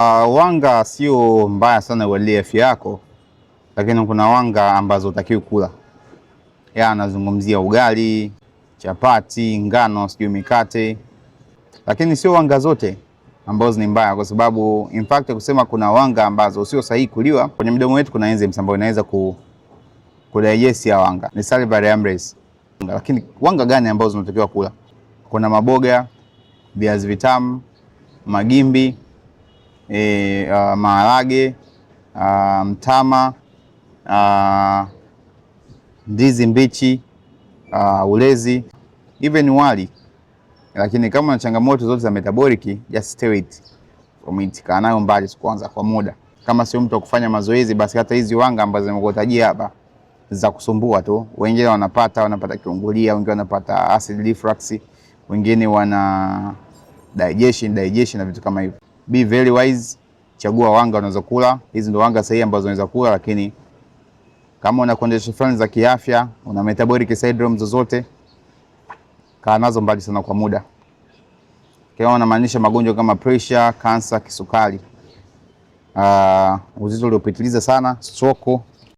Uh, wanga sio mbaya sana uali afya yako, lakini kuna wanga ambazo utakiwi kula. Ya anazungumzia ugali, chapati, ngano, sijui mikate, lakini sio wanga zote ambazo ni mbaya, kwa sababu in fact kusema kuna wanga ambazo sio sahihi kuliwa. Kwenye mdomo wetu kuna enzymes ambayo inaweza ku kudigest ya wanga, ni salivary amylase. Lakini wanga gani ambazo unatakiwa kula? Kuna maboga, viazi vitamu, magimbi e, uh, maharage uh, mtama uh, ndizi mbichi uh, ulezi even wali, lakini kama na changamoto zote za metabolic, just stay it from it, kaa nayo mbali sikuanza kwa muda. Kama sio mtu wa kufanya mazoezi, basi hata hizi wanga ambazo nimekutajia hapa za kusumbua tu, wengine wanapata wanapata kiungulia, wengine wanapata acid reflux, wengine wana digestion digestion na vitu kama hivyo. Be very wise, chagua wanga unaweza kula. Hizi ndo wanga sahihi ambazo unaweza kula, lakini kama una condition fulani za kiafya, una metabolic syndrome zozote, kaa nazo mbali sana kwa muda. Kama unamaanisha magonjwa kama pressure, kansa, kisukari, uh, uzito uliopitiliza sana, stroke